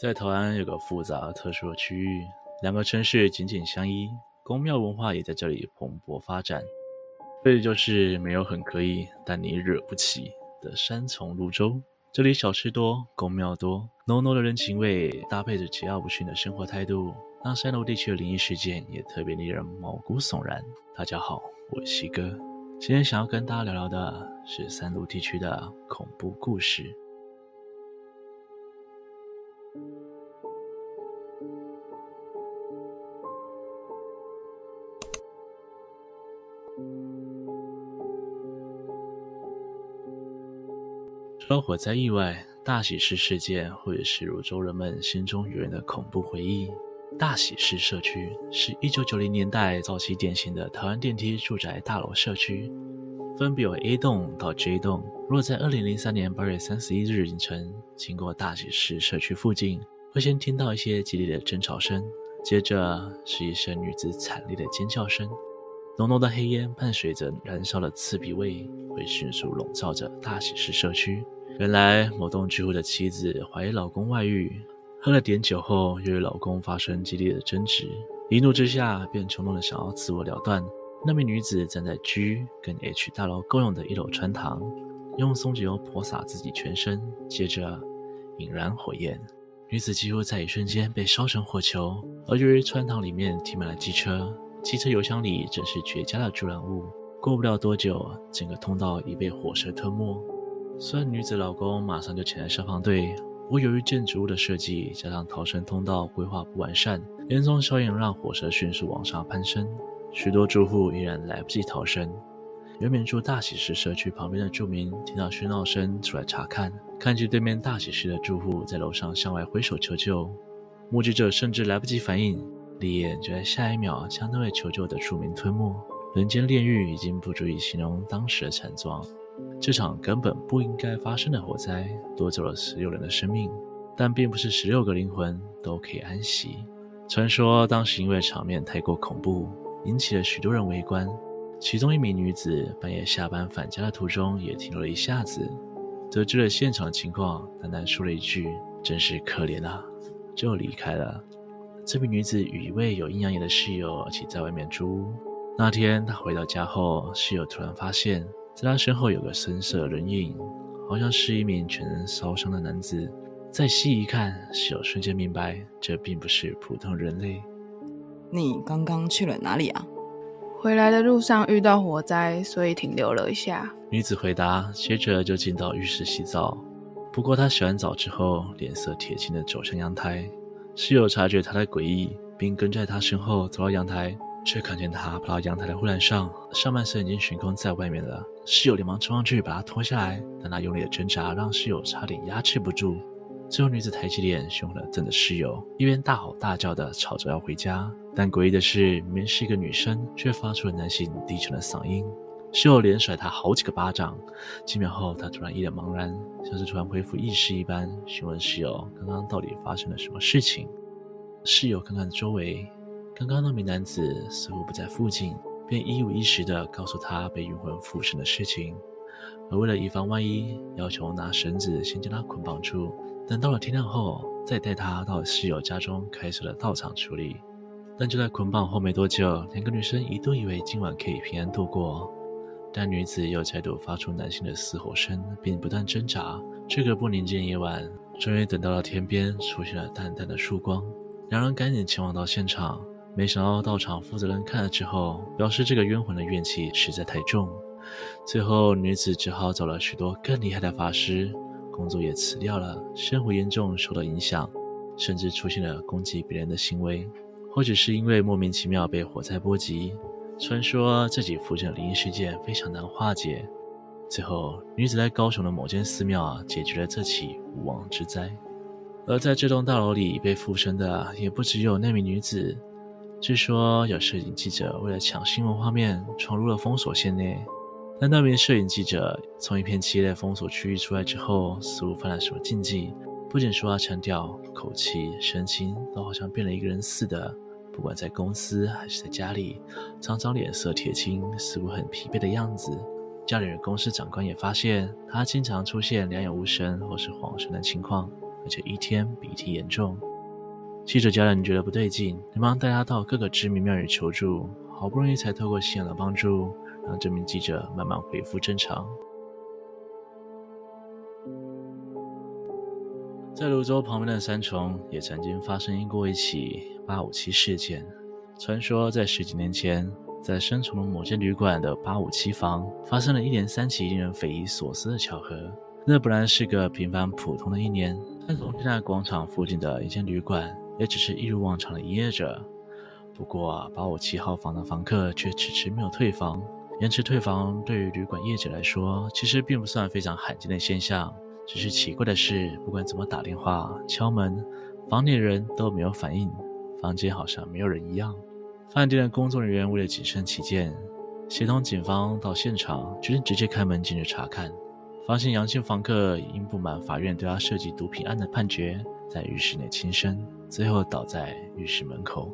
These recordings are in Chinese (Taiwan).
在台灣有個複雜特殊的區域，兩個城市緊緊相依，宮廟文化也在這裡蓬勃發展。這裡就是沒有很可以，但你惹不起的三重蘆洲。這裡小吃多，宮廟多，濃濃的人情味搭配着桀驁不馴的生活態度，讓三蘆地區的靈異事件也特別令人毛骨悚然。大家好，我是西哥，今天想要跟大家聊聊的是三蘆地區的恐怖故事。火災意外、大喜事事件，或者是蘆洲人們心中永遠的恐怖回憶——大喜事社區，是一九九零年代早期典型的台灣電梯住宅大樓社區，分別有 A 棟到 J 棟。若在二零零三年八月三十一日凌晨經過大喜事社區附近，會先聽到一些激烈的爭吵聲，接着是一聲女子慘烈的尖叫聲，濃濃的黑煙伴隨着燃燒的刺鼻味，會迅速籠罩着大喜事社區。原來，某棟住戶的妻子懷疑老公外遇，喝了點酒後，又與老公發生激烈的爭執，一怒之下便衝動的想要自我了斷。那名女子站在 G 跟 H 大樓共用的一樓穿堂，用松節油潑灑自己全身，接着引燃火焰。女子幾乎在一瞬間被燒成火球，而由於穿堂裡面停滿了機車，機車油箱裡正是絕佳的助燃物。過不了多久，整個通道已被火舌吞沒。雖然女子老公馬上就前來消防隊，不過由於建築物的設計，加上逃生通道規劃不完善，煙囪效應讓火舌迅速往上攀升，許多住戶依然來不及逃生。原本住大喜市社區旁邊的住民聽到喧鬧聲出來查看，看見對面大喜市的住戶在樓上向外揮手求救，目擊者甚至來不及反應，烈焰，就在下一秒將那位求救的住民吞沒。人間煉獄已經不足以形容當時的慘狀。這場根本不應該發生的火災奪走了十六人的生命，但並不是十六個靈魂都可以安息。傳說當時因為場面太過恐怖，引起了許多人圍觀。其中一名女子半夜下班返家的途中也停留了一下子，得知了現場的情況，淡淡說了一句：“真是可憐啊”，就離開了。這名女子與一位有陰陽眼的室友，一起在外面租屋。那天她回到家後，室友突然發現，在他身後有個深色人影，好像是一名全身燒傷的男子。再細一看，室友瞬間明白，這並不是普通人類。你剛剛去了哪裡啊？回來的路上遇到火災，所以停留了一下。女子回答，接着就進到浴室洗澡。不過她洗完澡之後，臉色鐵青的走向陽台。室友察覺她的詭異，並跟在她身後走到陽台。卻看見他爬到陽台的護欄上，上半身已經懸空在外面了。室友連忙衝上去把他拖下來，但他用力的掙扎，讓室友差點壓制不住。最後，女子抬起臉，凶狠的瞪着室友，一邊大吼大叫的吵着要回家。但詭異的是，明明是一個女生，卻發出了男性低沉的嗓音。室友連甩他好幾個巴掌，幾秒後，他突然一臉茫然，像是突然恢復意識一般，詢問室友剛剛到底發生了什麼事情。室友看看周圍。剛剛那名男子似乎不在附近，便一五一十地告訴他被冤魂附身的事情，而為了以防萬一，要求拿繩子先將他捆綁住，等到了天亮後再帶他到室友家中開設的道場處理。但就在捆綁後沒多久，兩個女生一度以為今晚可以平安度過，但女子又再度發出男性的嘶吼聲，並不斷掙扎。這個不寧靜夜晚，終於等到了天邊出現了淡淡的曙光，兩人趕緊前往到現場。沒想到道場負責人看了之後，表示這個冤魂的怨氣實在太重，最後女子只好找了許多更厲害的法師，工作也辭掉了，生活嚴重受到影響，甚至出現了攻擊別人的行為。或許是因為莫名其妙被火災波及，傳說自己附身的靈異事件非常難化解。最後，女子在高雄的某間寺廟啊，解決了這起無妄之災。而在這棟大樓裡被附身的，也不只有那名女子。據說有攝影記者為了搶新聞畫面，闖入了封鎖線內。但那名攝影記者從一片漆黑封鎖區域出來之後，似乎犯了什麼禁忌，不僅說話腔調、口氣、神情都好像變了一個人似的。不管在公司還是在家裡，常常臉色鐵青，似乎很疲憊的樣子。家裡人、公司長官也發現他經常出現兩眼無神或是恍神的情況，而且一天比一天嚴重。記者家人覺得不對勁，連忙帶他到各個知名廟宇求助，好不容易才透過信仰的幫助，讓這名記者慢慢恢復正常。在蘆洲旁邊的三重也曾經發生一過一起八五七事件。傳說在十幾年前，在三重的某間旅館的八五七房，發生了一連三起令人匪夷所思的巧合。那本來是個平凡普通的一年，在三重大廣場附近的一間旅館，也只是一如往常的營業着，不過八五七號房的房客卻遲遲沒有退房，延遲退房對於旅館業者來說其實並不算非常罕見的現象，只是奇怪的是，不管怎麼打電話、敲門，房裡的人都沒有反應，房間好像沒有人一樣。飯店的工作人員為了謹慎起見，協同警方到現場，決定直接開門進去查看，發現楊姓房客因不滿法院對他涉及毒品案的判決，在浴室內輕生，最後倒在浴室門口。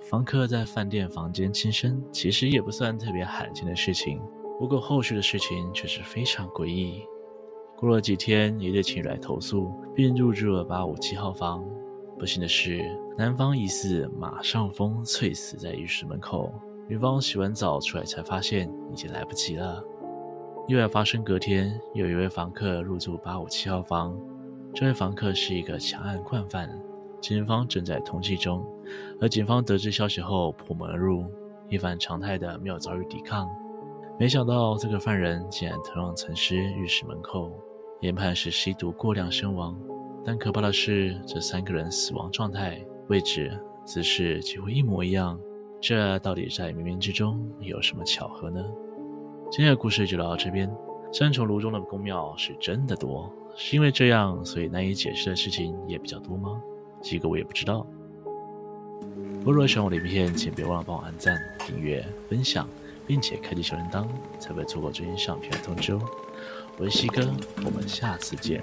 房客在飯店房間輕生，其實也不算特別罕見的事情。不過後續的事情卻是非常詭異。過了幾天，一對情侶來投宿，並入住了八五七號房。不幸的是，男方疑似馬上風猝死在浴室門口，女方洗完澡出來才發現已經來不及了。意外發生隔天，有一位房客入住八五七號房。這位房客是一個強案慣犯，警方正在通緝中。而警方得知消息後破門而入，一反常態的沒有遭遇抵抗。沒想到這個犯人竟然騰往陳屍浴室門口，研判是吸毒過量身亡。但可怕的是，這三個人死亡狀態、位置、姿勢幾乎一模一樣。這到底在冥冥之中有什麼巧合呢？今天的故事就聊到這邊。三重蘆洲的宮廟是真的多，是因為這樣，所以難以解釋的事情也比較多嗎？這個我也不知道。如果喜歡我的影片，請別忘了幫我按讚、訂閱、分享，並且開啟小鈴鐺，才不會錯過最新上片的通知哦。我是西哥，我們下次見。